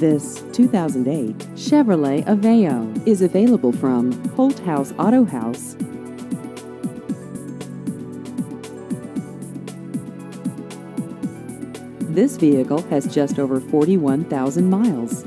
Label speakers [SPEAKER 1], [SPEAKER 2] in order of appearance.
[SPEAKER 1] This 2008 Chevrolet Aveo is available from
[SPEAKER 2] Holt House Auto House. This vehicle has just over 41,000 miles.